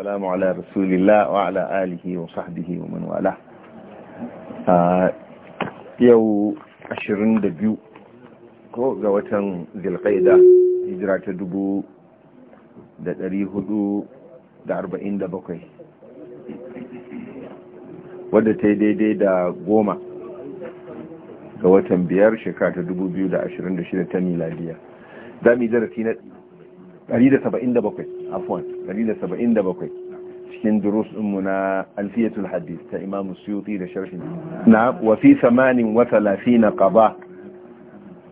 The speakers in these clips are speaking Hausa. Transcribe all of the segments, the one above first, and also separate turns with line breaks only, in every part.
السلام على رسول الله وعلى آله وصحبه ومن والاه yau 22 ko ga watan zilqaida hijira ta 447 wadda ta yi daidai da goma ga watan biyar shekara ta 2026 ta miladiya za mu yi darasi na 177 afwan 177 cikin durus ɗinmu na alfiyatul hadith ta imamu suyuti da sharhin na wafi 38 na qaba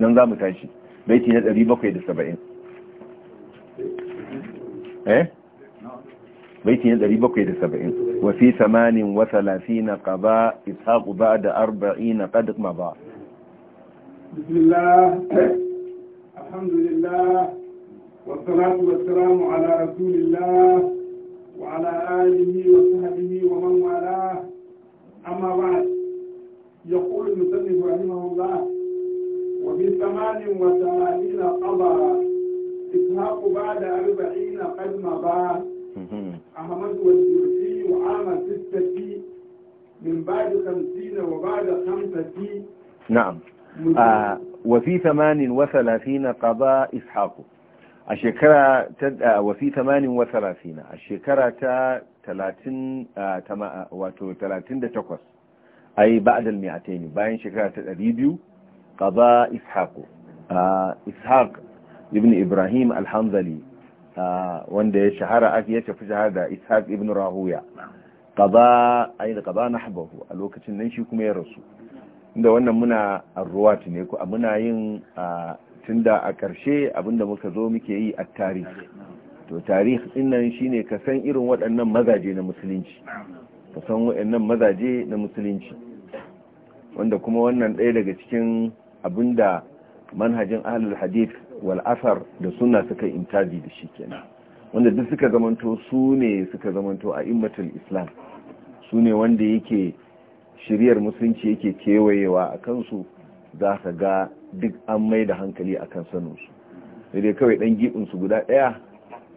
nan za mu tashi baiti na 770 eh baiti na 770 wafi 38 qaba ishaq ba'da 40 qad maba
bismillah alhamdulillah والصلاة والسلام على رسول الله وعلى آله وصحبه ومن والاه أما بعد يقول المسلم رحمه الله وفي ثمان وثمانين قضى إسحاق بعد أربعين قد مضى أحمد والجرسي عام ستة من بعد خمسين وبعد خمسة نعم آه
وفي ثمان وثلاثين قضى إسحاق a shekara ta wafi 38 a shekara ta 30 wato 38 ai ba'dal mi'ataini bayan shekara ta 200 qada ishaq ishaq ibn ibrahim al wanda ya shahara ake ya tafi shahada ishaq ibn rahuya a ai da qada nahbahu a lokacin nan shi kuma ya rasu inda wannan muna arruwat ne ko muna yin tunda a ƙarshe abinda muka zo muke yi a tarihi to tarihi dinnan shine ka san irin waɗannan mazaje na musulunci ka san waɗannan mazaje na musulunci wanda kuma wannan ɗaya daga cikin abinda manhajin ahlul hadith wal asar da suna suka intaji da shi kenan wanda duk suka zamanto su ne suka zamanto a immatul islam su ne wanda yake shiriyar musulunci yake kewayewa a kansu za ka ga duk an mai da hankali akan saninsu daidai dai kawai dan giɓinsu guda ɗaya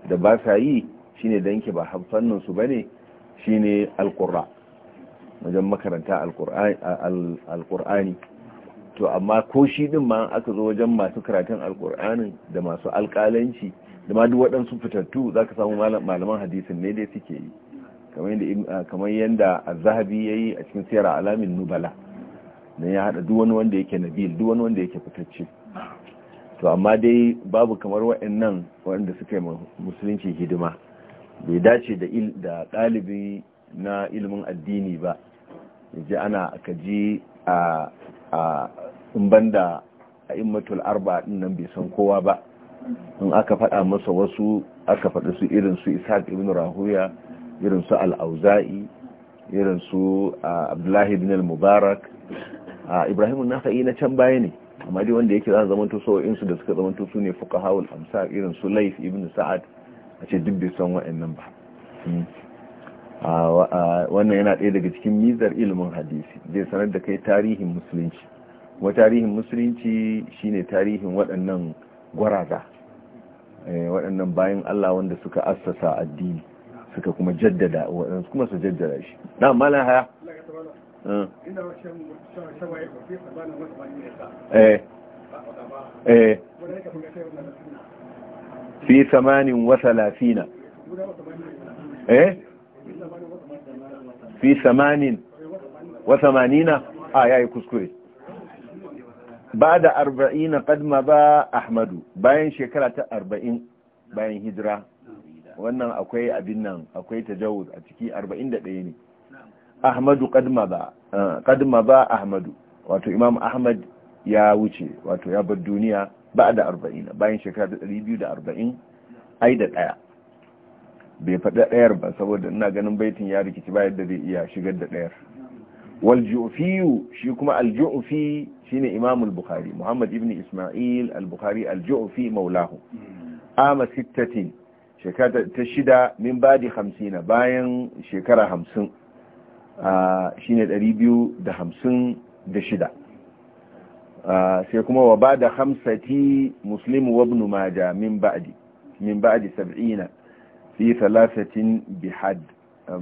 da ba sa yi shine da ba fanninsu ba ne ne alƙura wajen makaranta alkur'ani to amma ko shi din ma aka zo wajen masu karatun alkur'anin da masu alƙalanci da ma duk waɗansu fitattu za ka samu malaman hadisin ne dai suke yi kamar yadda a zahabi ya yi a cikin siyar alamin nubala na ya haɗa duk wani wanda yake nabil duk wanda yake fitacce to amma dai babu kamar waɗannan waɗanda suka yi musulunci hidima bai dace da ɗalibi na ilimin addini ba ji ana aka ji a in da a matul arba nan bai san kowa ba in aka faɗa masa wasu aka faɗi su irin su ishaq ibn rahuya irin su al irin su abdullahi ibn al-mubarak a ibrahim nasa'i na can baya ne amma dai wanda yake za su zamanto sau'in da suka zamanto su ne fuka hawul amsa irin su laif ibn sa'ad a ce duk bai san wa'annan ba hmm. wannan yana ɗaya daga cikin mizar ilimin hadisi zai sanar da kai tarihin musulunci kuma tarihin musulunci shine tarihin waɗannan gwaraga eh, waɗannan bayan Allah wanda suka assasa addini suka kuma jaddada waɗansu kuma su jaddada shi na Eh. Eh. fi samanin wasalafina eh? samanin ah, yayi kuskure ba da kadma ba ahmadu bayan shekara ta arba'in bayan hijira wannan akwai abin nan akwai tajawuz a ciki arba'in da ɗaya ne ahmadu kadma ba eh, ahmadu wato imam ahmad ya wuce wato ya bar duniya ba da arba'in bayan shekara da ɗari biyu da arba'in ai da ɗaya bai faɗa ɗayar ba saboda ina ganin baitin ya rikici bayan da zai iya shigar da ɗayar waljufiyu shi kuma aljufi shine imam al-bukhari muhammad ibn isma'il al-bukhari aljufi maulahu ama sittatin shekara ta shida min badi hamsina bayan shekara hamsin shine 256 sai kuma wa ba da hamsati muslimu wabnu maja min ba'adi min ba'di sab'ina fi salasatin bihad in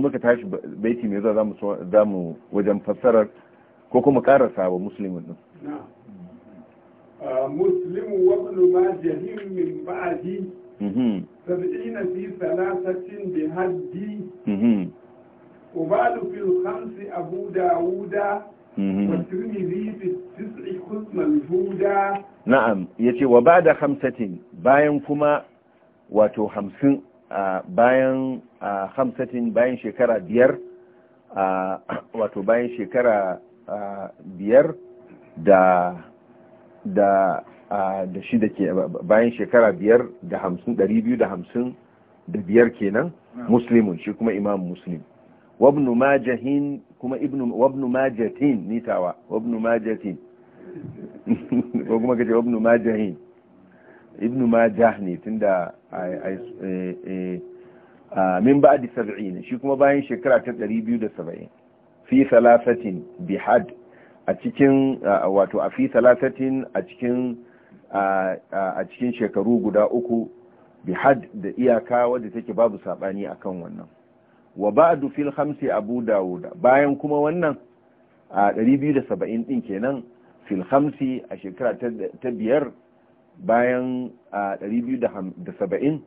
muka tashi baiti mai zuwa za mu wajen fassarar ko kuma karasa wa musulmin din
muslimu wabnu maja min ba'adi mhm. سبعين في ثلاثة بهدي وبعد في الخمس أبو داود والترمذي في التسع حسن الهدى
نعم يتي وبعد خمسة باين كما واتو خمسين bayan hamsatin bayan shekara biyar wato bayan shekara biyar da da da shi da ke bayan shekara biyar da hamsin ɗari biyu da hamsin da biyar kenan muslimun shi kuma imam muslim wabnu majahin kuma ibnu wabnu majatin nitawa wabnu majatin ko kuma kace wabnu majahin ibnu majah ne tunda min ba'di 70 shi kuma bayan shekara ta 270 fi salasatin bihad a cikin wato a fi salasatin a cikin a cikin shekaru guda uku bi had da iyaka wadda take babu saɓani akan wannan wa ba'du fil khamsi abu dawuda bayan kuma wannan a 270 din kenan fil khamsi a shekara ta biyar bayan a 270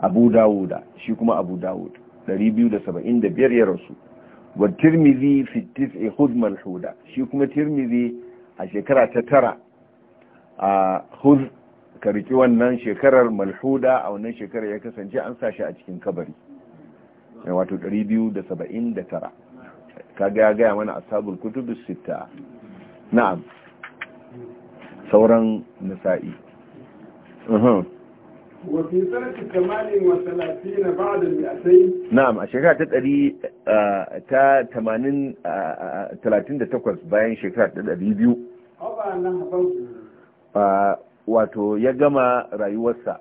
abu dawuda shi kuma abu dawud 275 ya rasu wa tirmizi fi tis'i hudmal huda shi kuma tirmizi a shekara ta tara a huz karki wannan shekarar malhuda a wannan shekarar ya kasance an sashi a cikin kabari wato 279 kaga ya gaya mana asabul kutubu sita na'am sauran nisa'i. nasa'i
wafi sarki kamalin wata lafi na bada da sai
na'am a shekara ta ɗari ta tamanin talatin da takwas bayan shekarar ta ɗari biyu wato ya gama rayuwarsa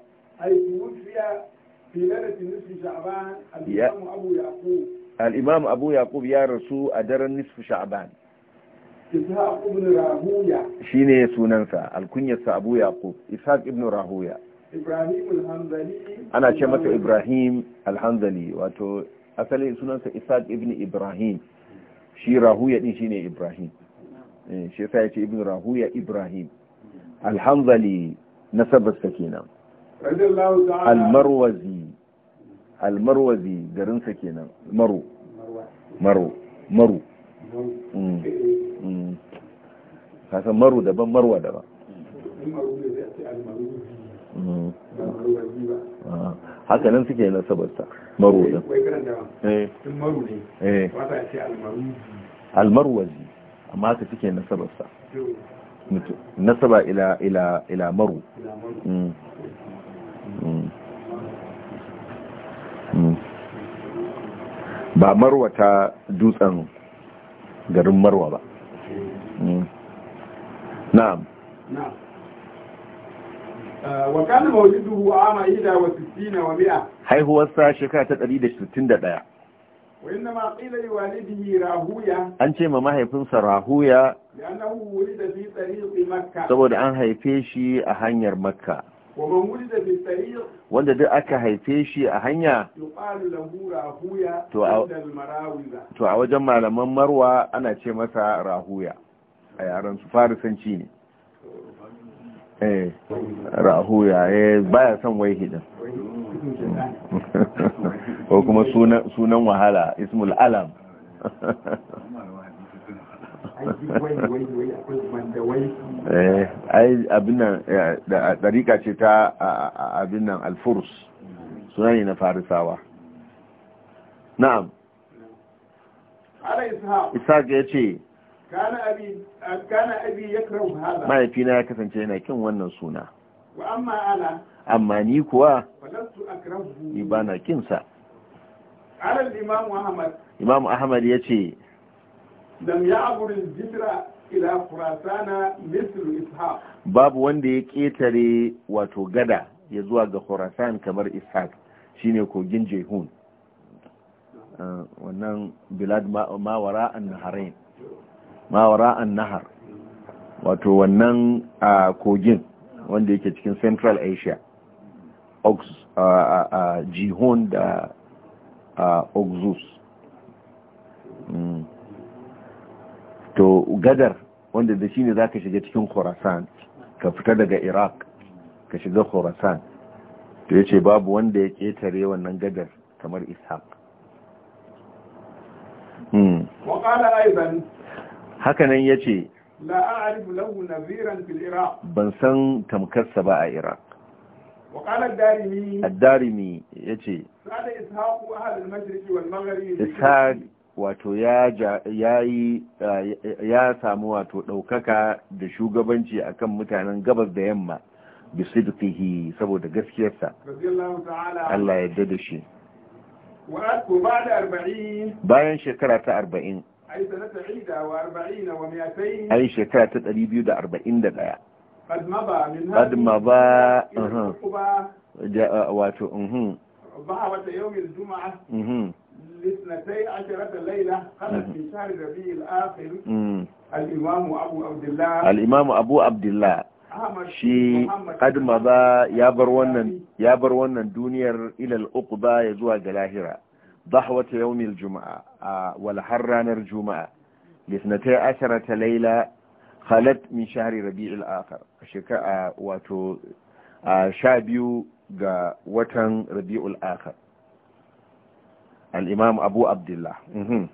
al-imam abu yaqub ya rasu
a daren nisfu sha'ban
shi ne sunansa alkunyarsa abu yaqub ishaq ibn rahuya
ana ce masa ibrahim
alhanzali wato asalin sunansa ishaq ibn ibrahim shi rahuya din shine ibrahim eh, shi sai ya ce ibn rahuya ibrahim alhanzali nasabarsa kenan almarwazi المروزي garinsa kenan مرو مرو مرو هذا مرو daban مرو daban mm. haka nan suke nasabarsa maro din eh. eh. almarwazi amma haka suke sabarta nasaba ila ila ila maru mm. Mm. Mm. ba marwa ta dutsen garin marwa ba na'am
uh, wa kana ta ɗari 61 wa
100 ɗaya. shekara ta 161 an ce ma mahaifinsa rahuya saboda an haife shi a hanyar makka wanda duk aka haife shi a hanya
to a
wajen malaman marwa ana ce masa rahuya a yaren su farisanci ne eh rahuya eh baya son wai hidin ko kuma sunan wahala ismul alam eh, ai abinan eh, da ɗariƙa ce ta abinan alfurus suna ne na farisawa na'am ishaq ya ce mahaifina ya kasance yana kin wannan suna
amma ana
amma ni kuwa ni ba na kinsa imam ahmad ya ce babu wanda ya ƙetare wato gada ya zuwa ga khurasan kamar ishaq shine kogin jehun ah, wannan bilad mawara an mawara an nahar wato wannan ah, kogin wanda yake cikin central asia Uh, uh, uh, jihon da oxus mm. to gadar wanda da shi ne za ka shiga cikin khorasan ka fita daga iraq ka shiga khorasan to ya ce babu wanda ya ƙetare wannan gadar kamar ishaq mm. hakanan ya ce ban san tamkarsa ba a iraq
الدارمي يتي إسحاق
wato ya yayi ya samu wato ɗaukaka da shugabanci akan mutanen gabas da yamma bi sidqihi saboda gaskiyarsa Allah ya da shi bayan shekara ta arba'in ai shekara ta ɗari biyu da arba'in da ɗaya
قد مضى واتو يوم لاثنتي عشرة ليلة خلت في شهر ربيع الآخر الإمام أبو عبد الله
الإمام أبو عبد الله
shi kadma
ba ya bar wannan duniyar ilal uqba ya zuwa ga lahira wata yawmil juma'a uh, wal har ranar juma'a lisnatai ta laila halat min shahri rabi'il akhar shekara wato sha biyu ga watan rabi'ul akhar al-imam abu abdullah mhm.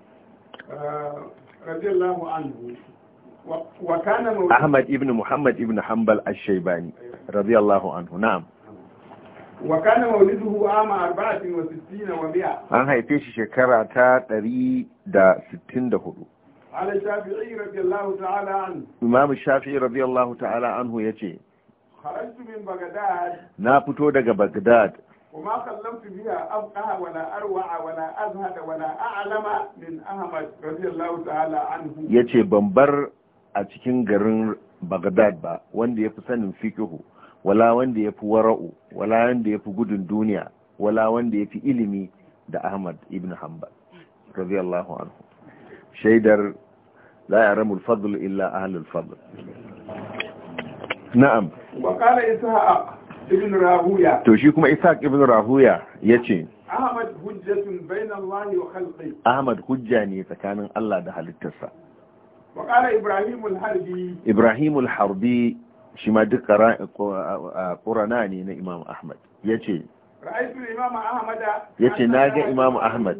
uh, radiyallahu anhu wa kana
ahmad ibn muhammad ibn hanbal ash-shaybani radiyallahu anhu na'am
wa kana 64 wa 100
an haife shi shekara ta 164
Imam Shafi'i
radiyallahu ta'ala anhu ya ce, na fito daga Baghdad. عنه يجي خرجت من بغداد
وما خلمت بها أبقى ولا أروع ولا أزهد ولا أعلم من أحمد رضي الله تعالى عنه
بمبر أتكين بغداد با يفسن فيكه wala wanda ya fi wara'u wala wanda ya fi gudun duniya wala wanda ya fi ilimi da ahmad ibn hanbal radiyallahu anhu shaidar لا يعلم الفضل إلا أهل الفضل نعم
وقال إسحاق ابن راهويا
توشيكم إسحاق ابن راهويا يتي
أحمد حجة بين الله وخلقه
أحمد حجة ني فكان الله ده للتسا
وقال إبراهيم الحربي إبراهيم
الحربي شما دقراء قرناني إمام أحمد يتي
ya ce na ga
imamu ahmad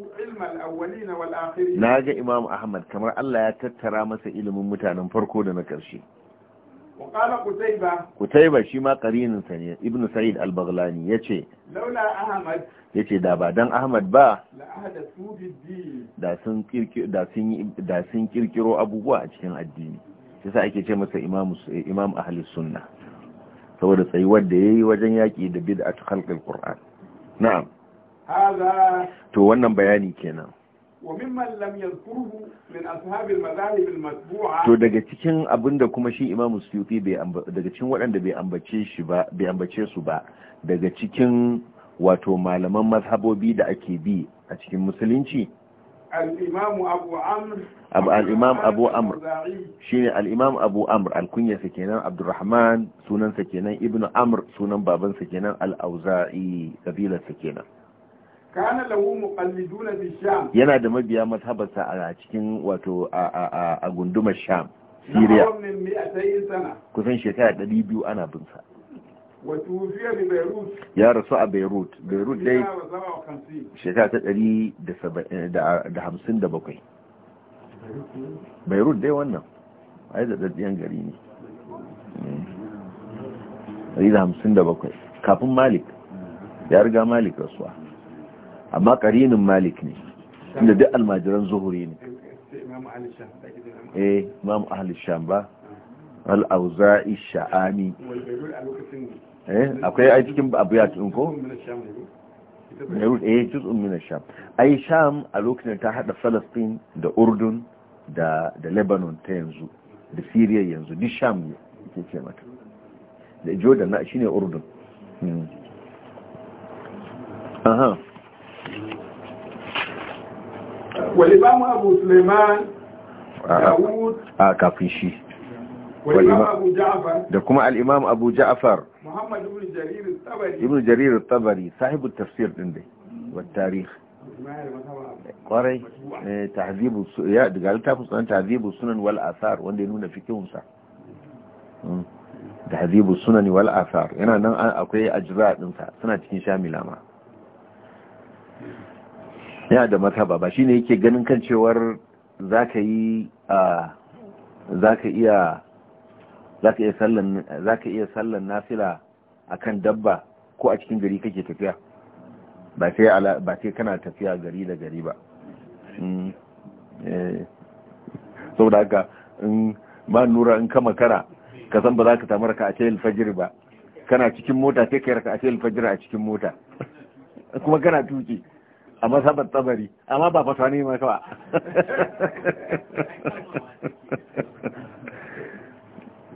na imamu ahmad kamar allah ya tattara masa ilimin mutanen farko da na ƙarshe kutaiba shi ma ƙarininsa ne ibnu sa'id al-baghlani
ya
ce da ba don ahmad ba da sun kirkiro abubuwa a cikin addini shi sa ake ce masa imam ahli sunna saboda tsayuwar da ya yi wajen yaƙi da a khalqil qur'an na'am to wannan bayani kenan to daga cikin abinda kuma shi imamu suyuti daga cikin waɗanda bai ambace su ba daga cikin wato malaman mazhabobi da ake bi a cikin musulunci
al'imam abu amr
shi ne al'imam abu amr alkunyarsa kenan abdurrahman sunansa kenan ibn amr sunan babansa kenan al'auza'i ƙabilarsa kenan
kana lahu muqalliduna fi sham yana
da mabiya mazhabarsa a cikin wato a gundumar sham Siriya kusan shekara 200 ana bin ya rasu a beirut beirut dai shekara ta ɗari da hamsin da bakwai beirut dai wannan a yi ɗaɗɗiyan gari ne ɗari da hamsin da bakwai kafin malik ya riga malik rasuwa amma ƙarinin malik ne inda duk almajiran zuhuri ne eh imam ahal ba al-auza'i sha'ani
Eh, akwai a cikin abiyat din ko Beirut eh
juz'un min Sham ai Sham a lokacin ta hada Palestine da Urdun da da Lebanon ta yanzu da Syria yanzu Ni Sham ne yake ce mata da Jordan na shine Urdun hmm. aha
wal Imam Abu Sulaiman
a kafin shi da kuma al'imam abu ja'afar ibn jarir tabari sahibu tafsir din dai والتاريخ kwarai eh, tahzibu ya daga littafin sunan tahzibu sunan wal asar wanda ya nuna fikihun hmm. tahzibu sunan wal asar yana nan akwai ajra din suna cikin shamila ma yana da mataba ba ne yake ganin kan cewar ka yi ah, zaka iya za ka iya sallan nafila a kan dabba ko a cikin gari kake tafiya ba sai kana tafiya gari da gari ba hmm. eh. sau da haka ma nura in kama makara ka san ba za ka samu raka a cikin fajir ba kana cikin mota sai ka yi raka a cikin alfajir a cikin mota kuma kana tuki a masabar tsabari amma ba fasa ne maka kawa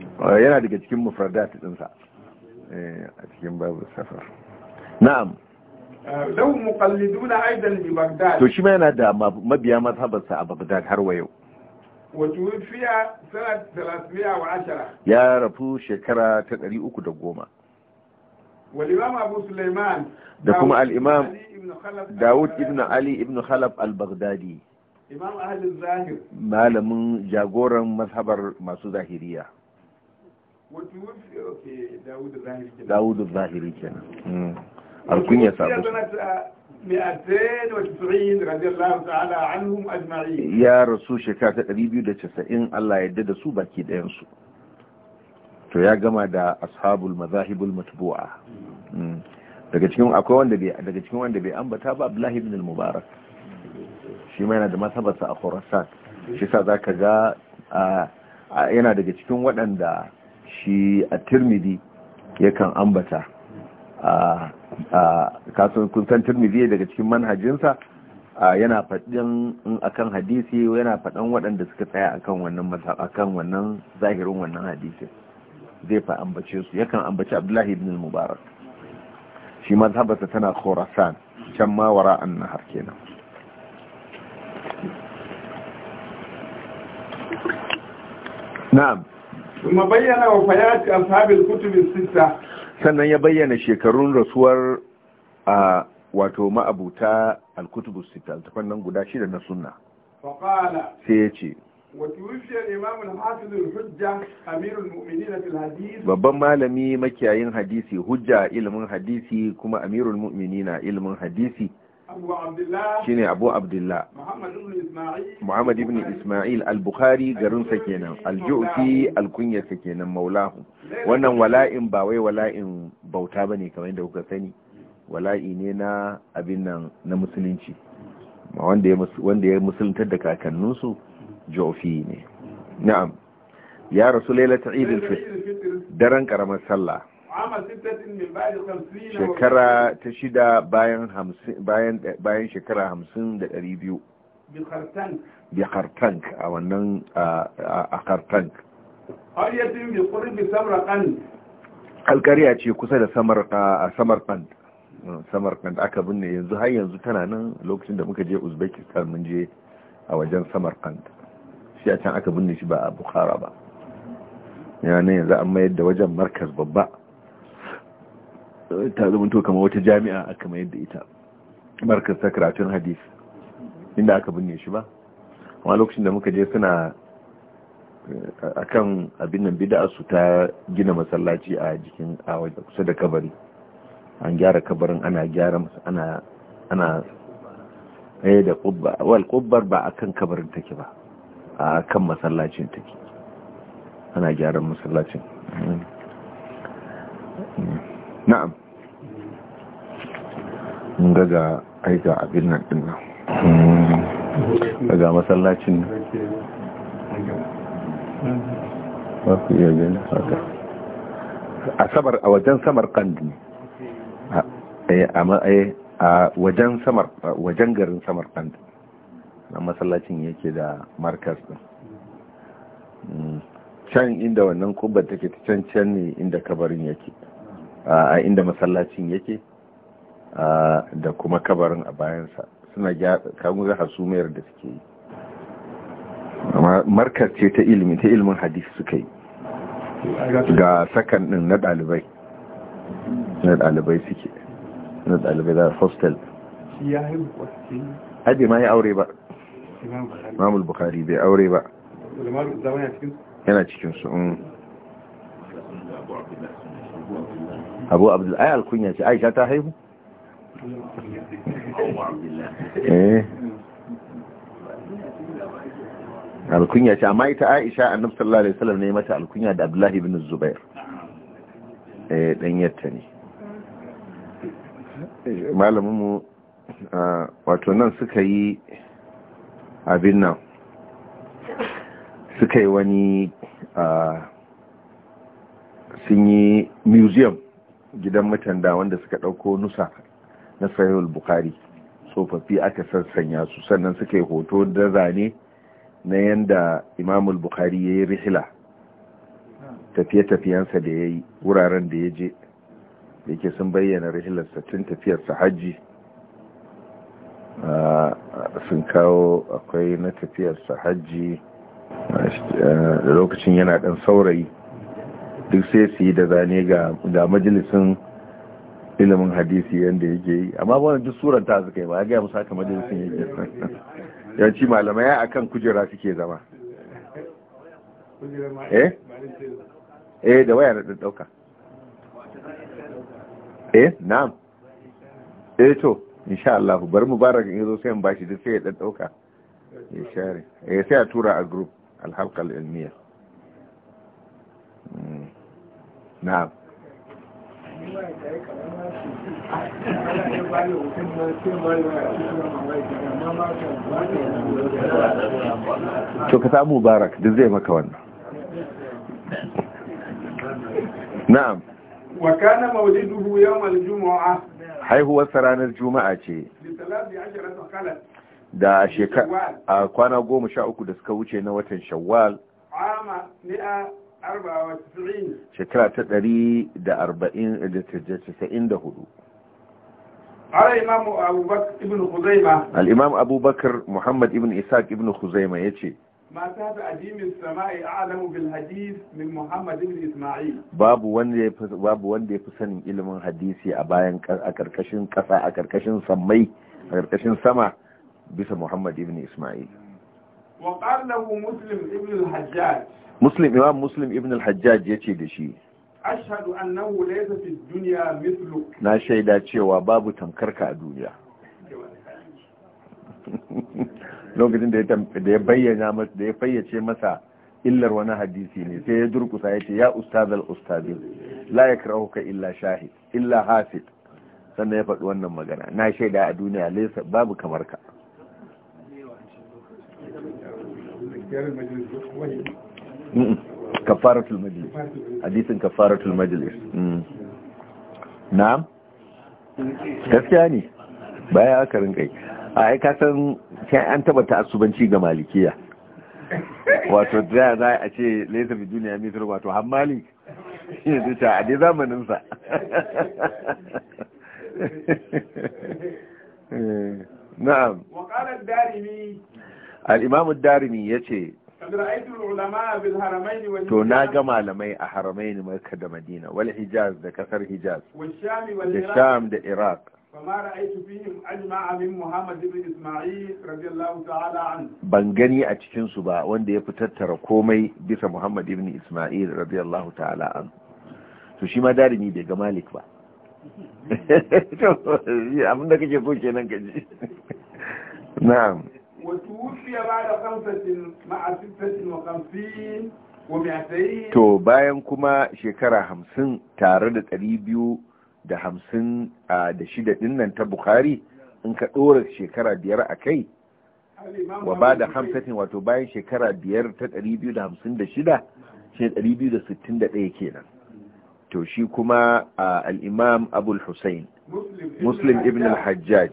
Eh, yana daga cikin mufradat dinsa eh, a cikin babu safar na'am
eh, lau muqalliduna aidan bi bagdad to shi ma
yana da mabiya mazhabarsa a bagdad har wa yau
watufiya sanat 310
ya rafu shekara ta 310
والإمام أبو سليمان
دكما الإمام
داود ابن ibn
ali ibn khalaf al أهل
imam ما zahir
malamin jagoran mazhabar masu zahiriya Dawudu Zahiri kenan.
Alkunya sabo. Uh,
ya rasu shekara ta casa'in Allah ya da su baki ɗayansu. To ya gama da ashabul mazahibul matbu'a. Hmm. Daga cikin akwai wanda bai daga cikin wanda bai ambata ba Abdullahi ibn al-Mubarak. Shi ma yana da masabarsa a Khurasan. Shi sa zaka ga uh, uh, yana daga cikin waɗanda shi a turmidi yakan ambata a kasan kunsan daga cikin manhajinsa yana faɗin akan hadisi yana faɗin waɗanda suka tsaya akan wannan wannan zahirin wannan hadisi zai fa ambace su yakan ambaci abdullahi ibn mubarak shi mazhabarsa tana khorasan can ma wara an nahar kenan
na'am kuma bayyana wa fayati ashabil kutubin sita sannan ya bayyana shekarun rasuwar a wato
ma'abuta al sita altafan nan guda shida na sunna sai ya ce babban malami makiyayin hadisi hujja ilimin hadisi kuma amirul mu'minina ilimin hadisi shine abu abdullah muhammad ibn isma'il al-bukhari garinsa kenan al-ju'fi al-kunyarsa kenan maulahu wannan wala'in ba wai wala'in bauta ba ne kamar yadda kuka sani wala'i ne na abin nan na musulunci wanda ya musuluntar da kakanninsu Jufi ne na'am ya rasu lailata fitr daren karamar sallah
shekara
ta shida bayan shekara hamsin da ɗari biyu bi kartank a wannan a kartank ƙaryatin ce kusa da samarkand samarkand aka binne yanzu har yanzu tana nan lokacin da muka je uzbekistan mun je a wajen samarkand shi a can aka binne shi ba a bukhara ba Yanayin yanzu an mayar da wajen markas babba ta zamanto kamar wata jami'a a kamar yadda ita markar ta karatun hadis inda aka binne shi ba amma lokacin da muka je suna eh, akan abin nan bida su ta gina masallaci a jikin a kusa da kabari an gyara kabarin ana gyara ana ana eh da ƙubba wal ƙubbar ba kan kabarin take ba a kan masallacin take ana gyaran masallacin hmm. Hmm. na'am daga aika abin nan din nan daga hmm. masallacin mafi iya gani haka samar a wajen samar ne. Eh, eh, a wajen samar wajen garin samar kandu na masallacin yake da markas din hmm. can inda wannan kubbar take ta can can ne inda kabarin yake a inda masallacin yake da kuma kabarin a bayansa suna kagunga hasumiyar da suke yi markar ce ta ilimi ta ilimin hadisi suka yi ga sakan din na dalibai na dalibai suke na dalibai da hostel haɗe ma ya aure ba mamul bukari bai aure ba yana cikinsu mm. abu abdul ai alkunya ce aisha ta haihu eh. alkunya ce amma ita aisha annabi sallallahu alaihi wasallam ne mata alkunya da abdullahi ibn zubair eh dan yatta ne malamin mu wato nan suka yi abin nan suka yi wani sun yi museum gidan mutan wanda suka ɗauko nusa na sahihul bukari tsofaffi aka sassanya su sannan suka yi hoto da zane na yadda imamul bukari ya yi rihila tafiye-tafiyensa da ya yi wuraren da ya je da yake sun bayyana rihilarsa tun tafiyarsa hajji ah, sun kawo akwai na tafiyarsa hajji lokacin yana ɗan saurayi duk sai su yi da zane ga majalisun ilimin hadisi yadda yake yi amma wani duk tsoron ta suka yi ba ya gaya musu haka majalisun yake yawanci malamai a kan kujera suke zama eh, eh da waya na ɗauka eh na'am eh to insha Allah bar mubarak in zo sai in bashi duk sai ya ɗauka ya share eh sai a tura a group al ilmiya hmm. na'am to ka samu barak duk zai maka wannan na'am
wa kana mawliduhu yawmal jumu'a haihuwar
ranar juma'a ce da shekara kwana 13 da suka wuce na watan shawwal
94
شكرا تدري دا أربعين دا تسعين دا هدو
على إمام أبو بكر ابن خزيمة
الإمام أبو بكر محمد ابن إساك ابن خزيمة يتشي
ما تاب أديم السماء أعلم بالحديث من محمد ابن إسماعيل
باب واندي باب واندي فسن إلما حديثي أباين أكركشن كفا أكركشن سمي أكركشن سما بس محمد ابن إسماعيل
وقال له مسلم ابن الحجاج
muslim imam muslim ibn al-hajjaj ya ce da shi
ashhadu annahu laysa fi dunya mithlu
na shaida cewa babu tamkarka a duniya lokacin da ya bayyana masa da ya fayyace masa illar wani hadisi ne sai ya durkusa ya ce ya ustaz al-ustaz la yakrahuka illa shahid illa hafid sannan ya faɗi wannan magana na shaida a duniya laysa babu kamar ka kafaratul majlis hadisin kafaratul majlis mm. na'am gaskiya ne baya aka rinkai a aika san sai an taba asubanci ga malikiya wato da za a ce laisa bi duniya mitar wato hammali
shi ne ta a dai
zamaninsa eh, na'am al-imam ad-darimi yace to na ga malamai a haramaini makka da madina wal hijaz da kasar hijaz da sham da iraq ban gani a cikinsu ba wanda ya fi tattara komai bisa muhammad ibn isma'il radiyallahu ta'ala an to shi ma darimi bai ga malik ba abinda kake so kenan gaji na'am To bayan kuma shekara hamsin tare da ɗari biyu da hamsin a da shida ɗinnan ta Bukhari in ka ɗora shekara biyar a kai, wa ba da hamsin wato bayan shekara biyar ta ɗari biyu da hamsin da shida shi ɗari biyu da sittin da ɗaya kenan. To shi kuma al'imam Abul Hussein, Muslim ibn al-Hajjaj,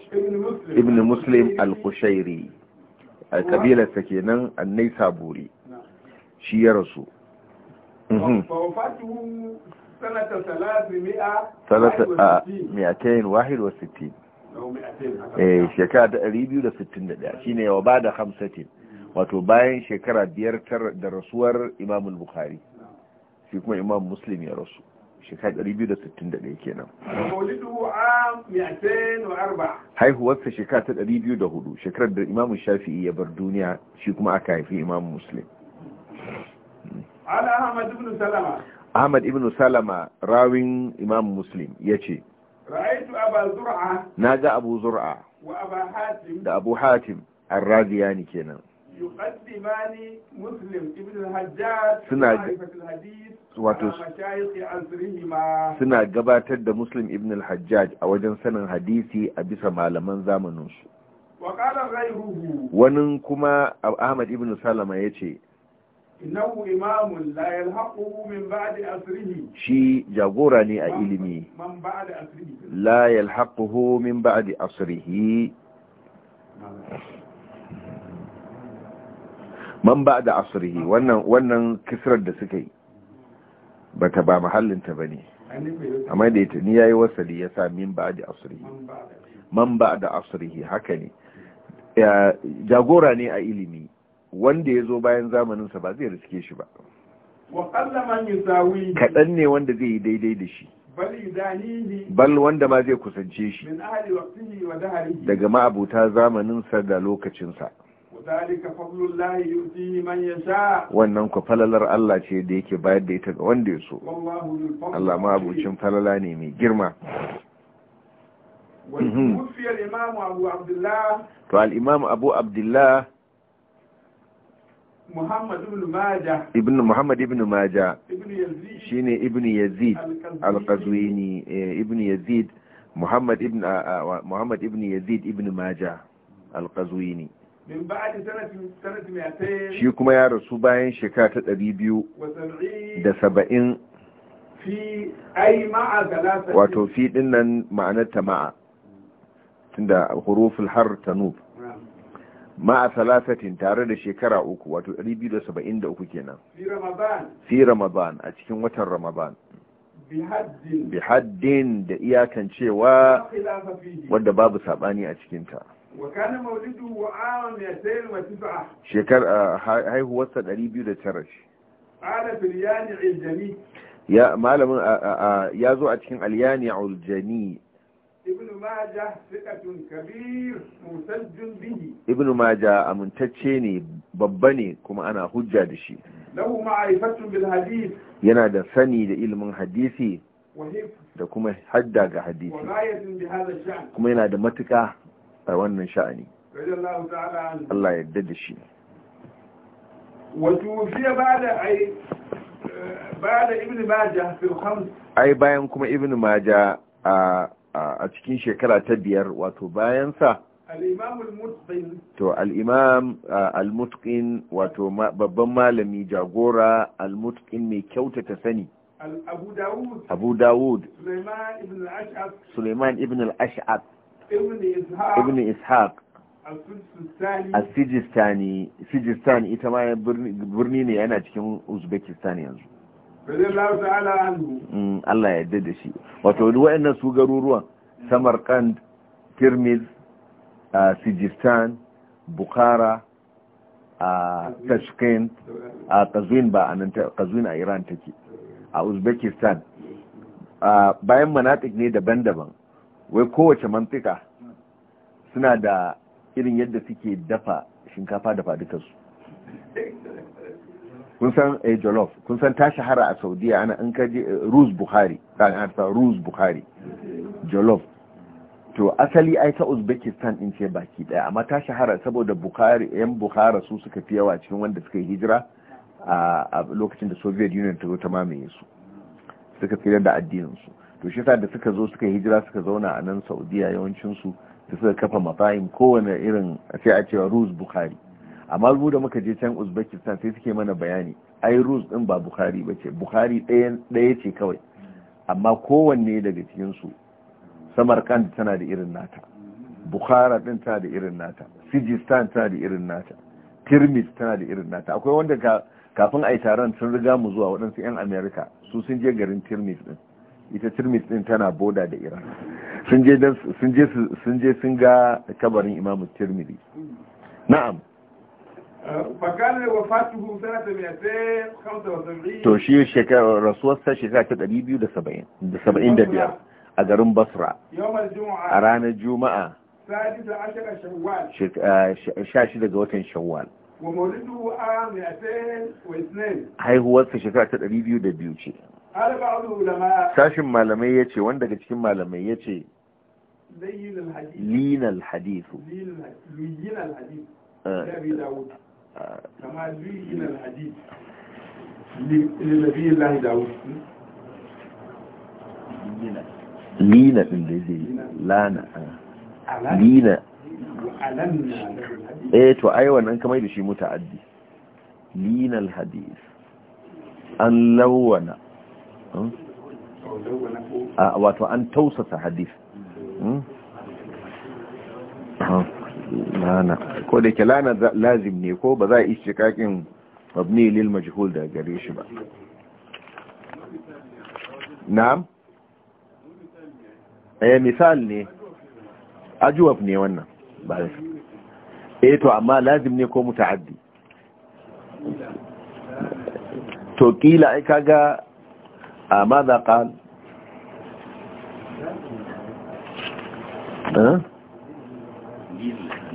ibn Muslim
al-Qushairi. kabilarsa kenan annai saburi shi ya rasu mhm. mi'atayin wahid wa sittin eh, shekara da ɗari biyu da sittin da ɗaya shine wa ba da hamsatin wato bayan shekara biyar da rasuwar imamul bukhari shi kuma imam muslim ya rasu shekara 261 kenan haihuwarsa shekara ta 204 shekarar da imamu shafi'i ya bar duniya shi kuma aka haifi imamu muslim ahmad ibn salama rawin imam muslim ya ce na ga abu zur'a
da abu hatim
an raziyani kenan
yuqaddimani muslim ibn al-hajjaj suna wato suna
gabatar da muslim ibn al-hajjaj a wajen sanin hadisi a bisa malaman zamanin su wani kuma ahmad ibn salama ya ce
innahu imamun la yalhaquhu min ba'di asrihi
shi jagora ne a ilimi
man ba'di asrihi la
yalhaquhu min man ba da asirhi wannan kisrar da suka yi ba ta ba mahallinta ba ne amma da ita ni ya yi wasali ya sa min ba da asirhi man ba da asirhi haka ne jagora ne a ilimi wanda ya zo bayan zamaninsa ba zai riske shi ba
kaɗan
ne wanda zai yi daidai da shi bal wanda ma zai kusance shi daga ma'abuta zamaninsa da lokacinsa zalika wannan ku falalar Allah ce da yake bayar da ita ga wanda ya so
Allah ma abucin falala
ne mai girma mhm. to al-imam abu abdullah Muhammad ibn Muhammad ibn shine ibn Yazid al-Qazwini eh, ibn Yazid Muhammad ibn ah, ah, Muhammad ibn Yazid ibn al-Qazwini shi kuma ya rasu bayan shekara ta ɗari biyu da saba'in wato fi ɗin nan ma'anar tama'a tunda huruful har tanub ma'a salasatin tare da shekara uku wato ɗari biyu da saba'in da uku kenan fi ramadan a cikin watan ramadan
bi
haddin da cewa wadda babu saɓani a cikinta
وكان مولده عام 209
شكر هاي 209
قال في اليانع الجني
يا معلم يا زو اتكين اليانع الجني
ابن ماجه ثقة كبير مسجل به
ابن ماجه amintacce ne babba ne kuma ana hujja da shi
lahu ma'rifatun bil hadith
yana da sani da ilimin hadisi da kuma hadda ga hadisi kuma yana da matuka a wannan sha'ani Allah ya yarda da shi
وتوفي بعد أي بعد ابن ماجه في الخمس
أي باين كما ابن ماجه a cikin shekara ta biyar wato bayan sa? to al'imam al-mutqin wato babban malami jagora al-mutqin mai kyautata sani abu dawud suleiman ibn al-ash'ab
ibn
ishaq asijistani sijistani ita ma birni ne yana cikin uzbekistan yanzu mm, Allah ya yarda da shi wato waɗannan su garuruwan samarkand tirmiz sijistan bukhara a tashkent a kazuin ba a nan kazuin a iran take a uzbekistan bayan manatik ne daban-daban wai kowace mantika suna da irin yadda suke dafa shinkafa dafa dukansu kun san a eh, jollof kun san ta shahara a saudiya ana an kaji eh, ruz buhari ta ruz buhari jollof to asali ai ta uzbekistan in ce baki daya amma ta shahara saboda bukhari yan bukhara su suka fi yawa cikin wanda suka yi hijira a lokacin da soviet union ta zo ta mamaye su suka fi da su to shi da suka zo suka hijira suka zauna a nan saudiya yawancinsu da suka kafa mafahim kowane irin sai a cewa rus bukhari amma mu da muka je can uzbekistan sai suke mana bayani ai rus din ba bukhari ba ce bukhari ɗaya ce kawai amma kowanne daga cikinsu samarkand tana da irin nata bukhara din tana da irin nata sijistan tana da irin nata tirmis tana da irin nata akwai wanda kafin a yi taron sun riga mu zuwa waɗansu 'yan amerika su sun je garin tirmis din ita turmis din tana boda da iran sun je sun ga kabarin imamu tirmidhi
na'am fakalar wafatuhu sanata 275 to shi
da shekara ta biyar a garin basra a ranar juma'a
16
ga watan shawwal
haihuwarsa
shekara ta 202 ce sashin malamai ya ce wanda daga cikin malamai ya ce
linal hadisu lina
ɗin da zai lana
ah. lina eh
to ai wannan kamar da shi muta'addi linal hadis an lawana wato an tausasa hadis hmm? lana ko da ke lana lazim ne ko ba za a ishe kakin abni lil majhul da gare shi ba na'am eh misal ne ajuwaf ne wannan ba eh to amma lazim ne ko muta'addi to kila ai kaga a ah, ماذا قال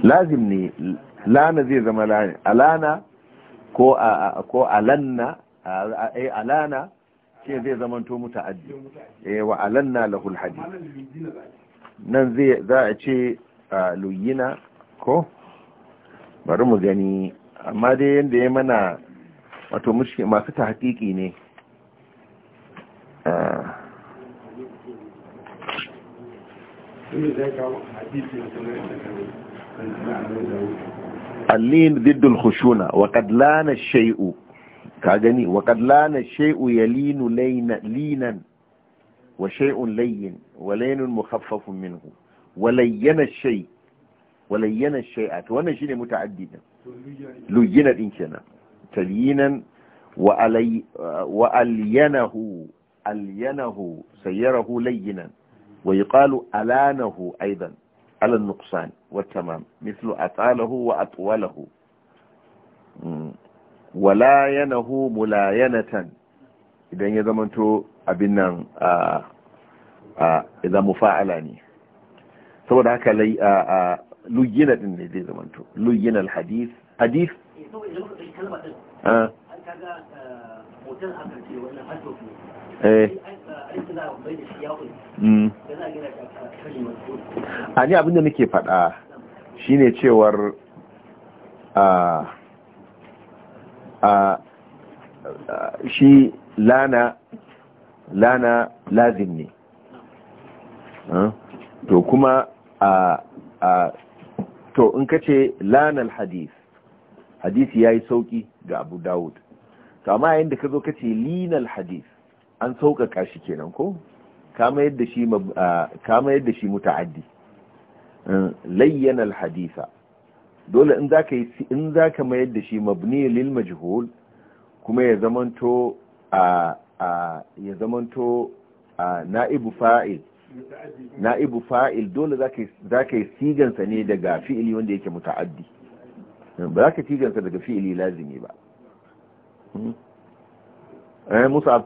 lazim zai zama lana ko alana ce zai zamanto muta'addi eh wa alanna lahul hadith nan zai za a ce luyina ko bari mu gani amma dai yanda ya mana wato masu tahqiqi ne آه. اللين ضد الخشونة وقد لان الشيء كاغني وقد لان الشيء يلين لين لينا وشيء لين ولين مخفف منه ولين الشيء ولين الشيء وانا شيء متعددا لينا الانسان كان تلينا وألي وألينه ألينه سيره لينا ويقال ألانه أيضا على النقصان والتمام مثل أطاله وأطوله ولاينه ملاينة إذا يزمنت أبنا آه، آه، إذا مفاعلاني ne saboda haka لينا din ne zai zamanto luyyina a ni abinda nake faɗa shine cewar a a shi lana lana lazim ne to kuma a a to in ka ce lanar hadith hadith ya yi sauki ga abu dawud to amma yayin da ka zo ka ce linal hadis an sauƙaƙa shi kenan ko kama yadda shi kama yadda shi muta'addi mm, layyanal hadisa dole in zaka yi in zaka mayar da shi mabni lil majhul kuma ya zamanto a ya zamanto na'ibu fa'il na'ibu fa'il dole zaka yi sigansa ne daga fi'ili wanda yake muta'addi mm, ba zaka sigansa daga fi'ili lazimi ba eh musab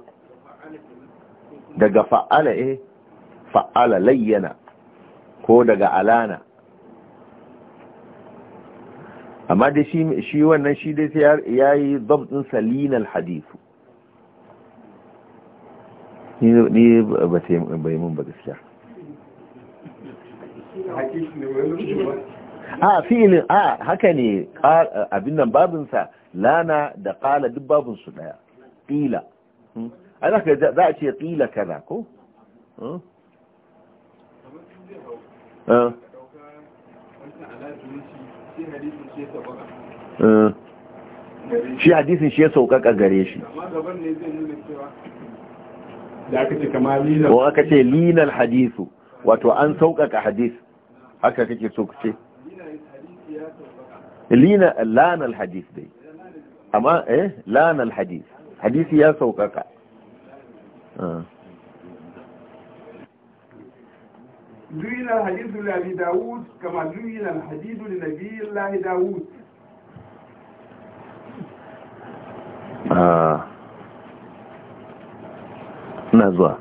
daga fa'ala eh fa'ala layyana ko daga alana amma dai shi wannan shi dai ya yi zabtin salinal hadisu ni ba sai bai mun ba gaskiya a ah, fi'ilin a ah, haka ne abin nan babinsa lana da qala duk babun su daya qila hmm? ana ka za a ce ƙila kana ko hmm? eh. Eh. shi hadisun shi ya sauƙaƙa gare shi wa aka ce linal hadisu wato an sauƙaƙa hadis haka kake so ku ce linal hadis dai amma eh lanal hadis hadisi ya saukaka
لين الحديث لأبي kama كما لين الحديث nabi الله داود
آه نزوى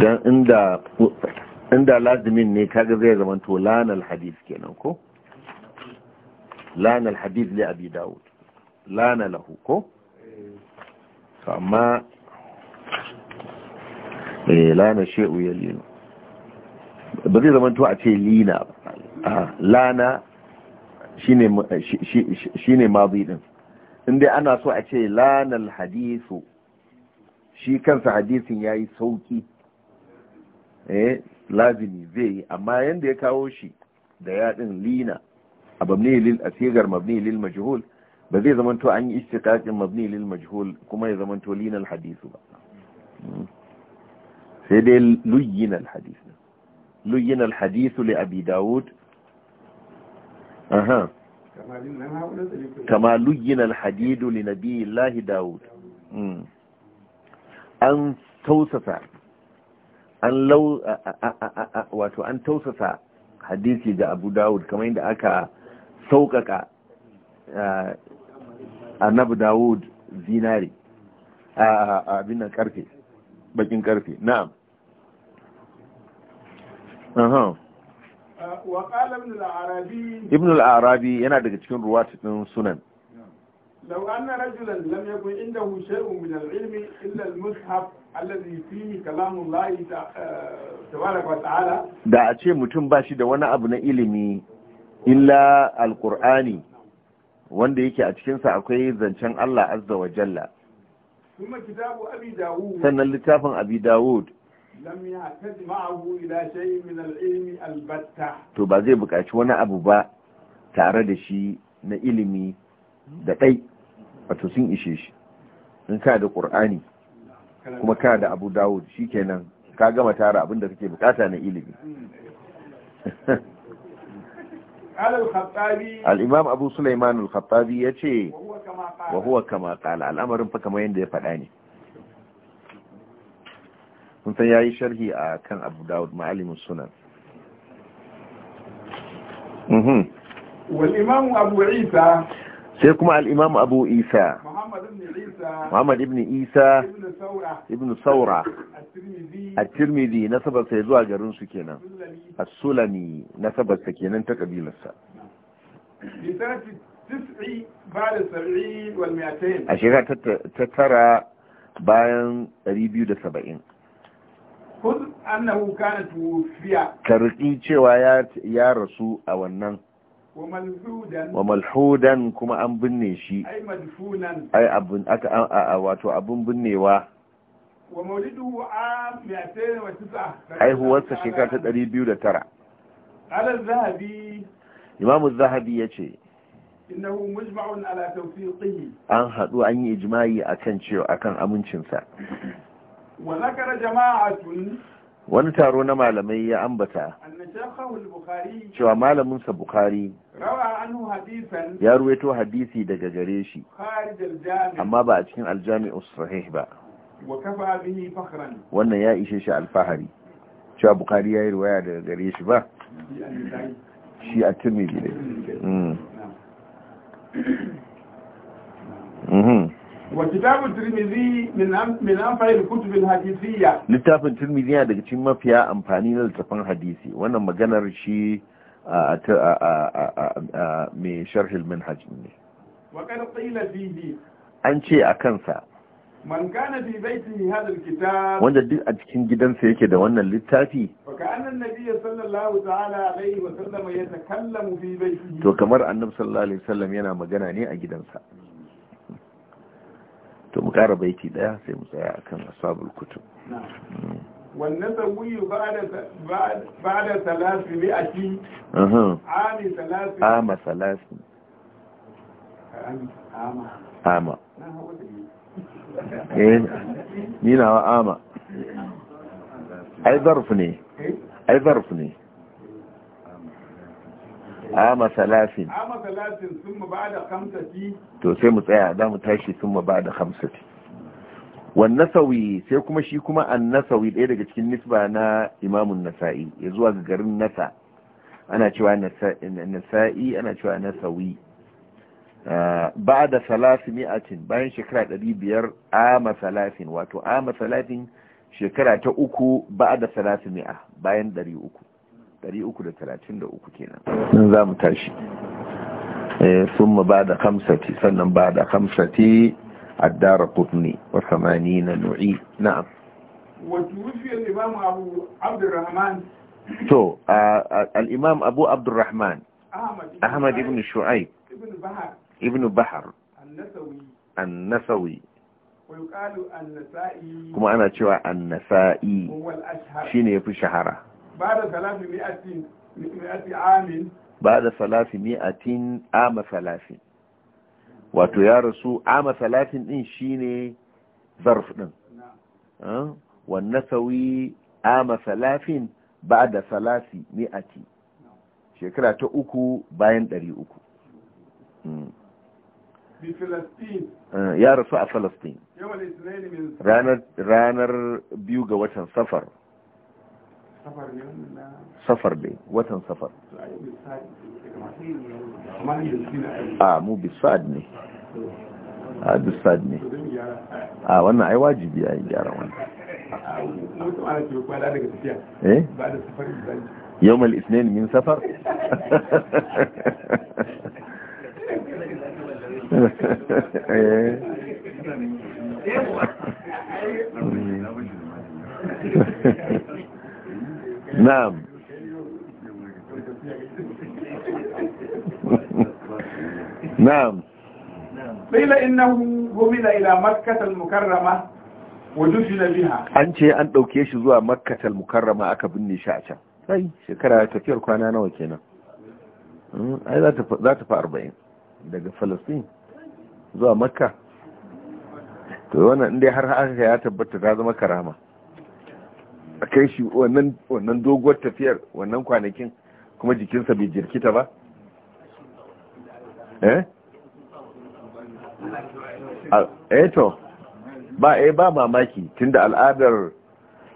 dan inda inda lazimin ne kaga zai zama to lanal hadith kenan ko lana al-hadith li abi daud lana lahu ko to amma eh lana shay'u yalinu ba zai zama to a ce lina ba lana shine shine madi din inda ana so a ce lana al-hadithu shi kansa hadisin yayi sauki eh lazimi zai yi amma yanda ya kawo shi da yadin lina abamni lil asigar mabni lil majhul ba zai zamanto an yi istiqaqin mabni lil majhul kuma ya zamanto al hadith ba sai dai al hadith al hadith li abi daud aha kama al hadid li allah daud an tausasa an lau wato an tausasa hadisi ga abu dawud kamar yadda aka sauƙaƙa eh, annabi dawud zinari a abin nan ƙarfe, bakin ƙarfe. na'am ibn al-arabi yana daga cikin ruwa cikin sunan eh, da a ce mutum bashi da wani abu na ilimi illa alkur'ani wanda yake a cikinsa akwai zancen Allah azza wa jalla sannan littafin abi dawud to ba zai buƙaci wani abu ba tare da shi na ilimi da ɗai wato sun ishe shi in ka da ƙur'ani kuma ka da abu dawud shikenan ka gama tara abin da kake bukata na ilimi
hmm.
al'imam abu sulaiman al-khattabi ya ce wa huwa kama kala al'amarin fa kama yadda ya faɗa ne sun san ya yi sharhi a kan abu dawud ma'alimin sunan
abu isa
sai kuma al’imam abu isa Muhammad ibn Isa ibn Saura at-Tirmidhi nasabarsa zuwa garin su kenan as-Sulami nasabarsa kenan ta kabilarsa a shekara ta tara bayan 270
kun annahu kana tufiya
karki cewa ya rasu a wannan wa malhudan kuma an binne shi ai abin aka wato abin binnewa
haihuwarsa shekara ta
209 imam zahabi ya ce an haɗu an yi ijimai akan cewa akan amincinsa wani taro na malamai ya ambata cewa malaminsa bukari ya ruweto hadisi daga gare shi amma ba a cikin aljami'u sahih ba wannan ya ishe shi alfahari cewa bukari ya yi ruwaya daga gare shi ba shi a tirmidhi ne mm. mm-hmm.
وكتاب الترمذي من من انفع الكتب الحديثيه
كتاب الترمذي daga cikin mafiya amfani na littafin hadisi wannan maganar shi a a a a me sharh al ne
wa kan qila
an ce a kansa
man kana fi baitihi hada alkitab wanda
duk a cikin gidansa yake da wannan littafi
fa ka anna nabiyyi sallallahu ta'ala alaihi wa sallam yatakallamu fi baitihi to kamar
annabi sallallahu alaihi yana magana ne a gidansa to mu ƙara baiti ɗaya sai mu tsaya akan kan asabul kutub
wannan sauyi ba da salasi ne a ci
ami salasi ama ama
eh ne
ai zarf ne
eh?
ama salasin
ama salasin sun ba da hamsati
to sai mu tsaya za mu tashi sun mu ba da hamsati wan nasawi sai kuma shi kuma an nasawi ɗaya daga cikin nisba na imamun nasa'i ya zuwa ga garin nasa ana cewa nasa'i ana cewa nasawi ah, ba da salasin mi'atin bayan shekara ɗari biyar ama salasin wato ama salasin shekara ta uku ba da salasin mi'a bayan ɗari uku 333 kenan sun za mu tashi eh, sun mu ba da kamsati sannan ba da kamsati a dara kutni wa samani na nu'i na'am
wato imam abu abdurrahman
to al'imam abu abdurrahman ahmad ibn shu'aib ibn bahar Annasawi, kuma ana cewa an-nasa'i shine fi shahara
بعد ثلاث مئة مئة عام
بعد ثلاث مئة عام ثلاث wato ya rasu ama talatin din shine zarf din wannan sawi ama talatin ba da salasi mi'ati shekara ta uku bayan ɗari uku ya rasu a falastin ranar biyu ga watan safar safar dai watan safar
a mu bisad ne a bisad ne a
wannan ai wajibi a yi gyara wannan yau mal isnin min safar eh na'am na'am
qila innahu humila ila makkah al-mukarrama wa dufina biha
an ce an ɗauke shi zuwa makkah al aka binne shi a can sai shekara tafiyar kwana nawa kenan hmm, za ta fi arba'in daga falastin zuwa makka to wannan inda har haka ya tabbata ta zama karama a kai shi wannan doguwar tafiyar wannan kwanakin kuma jikinsa bai jirkita ba eh eto eh ba eh ba mamaki tunda al'adar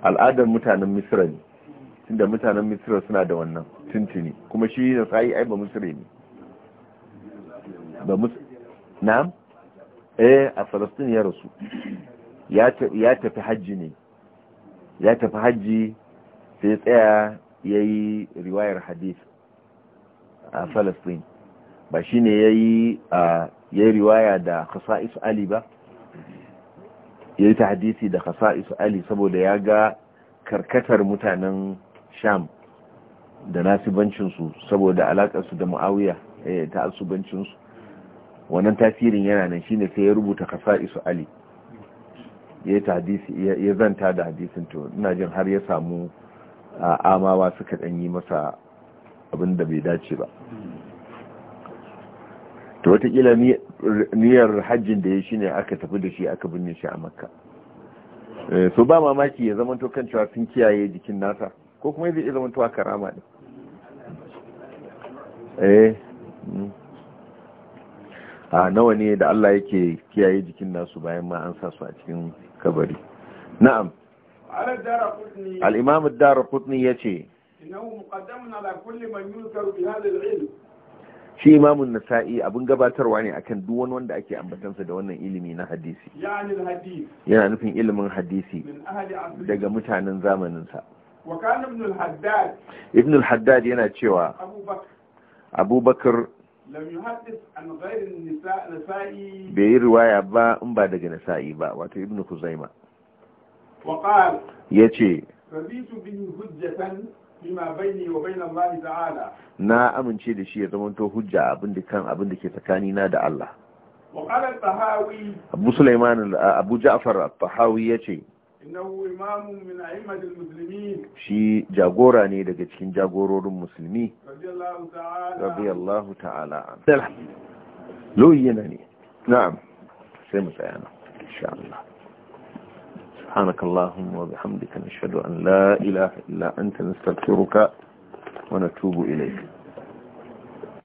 al'adar mutanen Misira ne tunda mutanen Misira suna da wannan tuntuni kuma shi da sai yi aiba misira ne ba na'am eh a falastin ya rasu ya tafi hajji ne ya tafi hajji sai tsaya ya yi riwayar hadith a falastin ba shi ne ya yi riwaya da isu ali ba ya yi ta hadisi da isu ali saboda ya ga karkatar mutanen sham da nasibancinsu saboda alakarsu da ma'awiya eh, ta asubancinsu wannan tasirin yana nan shi ne sai ya rubuta isu ali ya yi hadisi ya zanta da hadisin to ina jin har ya samu amawa suka dan yi masa abin da bai dace ba to watakila niyyar hajjin da ya shi ne aka tafi da shi aka binne shi a makka eh, so ba mamaki ya zama kan cewa sun kiyaye jikin nasa ko kuma zai iya zama to a karama ne eh mm. a nawa ne da Allah yake kiyaye jikin nasu bayan ma an sa su a cikin kabari na'am al-imam ad-darqutni yace shi imamun nasa'i abin gabatarwa ne akan duk wani wanda ake ambatansa da wannan ilimi na hadisi yana nufin ilimin hadisi daga mutanen zamaninsa
ibn al-haddad
yana cewa abubakar
bai yi
riwaya ba in ba daga nasa'i ba wato ibn kuzaima ya ce na amince da shi ya zamanto hujja abinda kan abinda ke tsakanina da Allah abu sulaiman abu ja'far al-tahawi ya ce shi jagora ne daga cikin jagororin musulmi
radiyallahu
ta'ala loyina ne na'am sai mu tsaya insha Allah سبحانك اللهم وبحمدك نشهد أن لا إله إلا أنت نستغفرك ونتوب إليك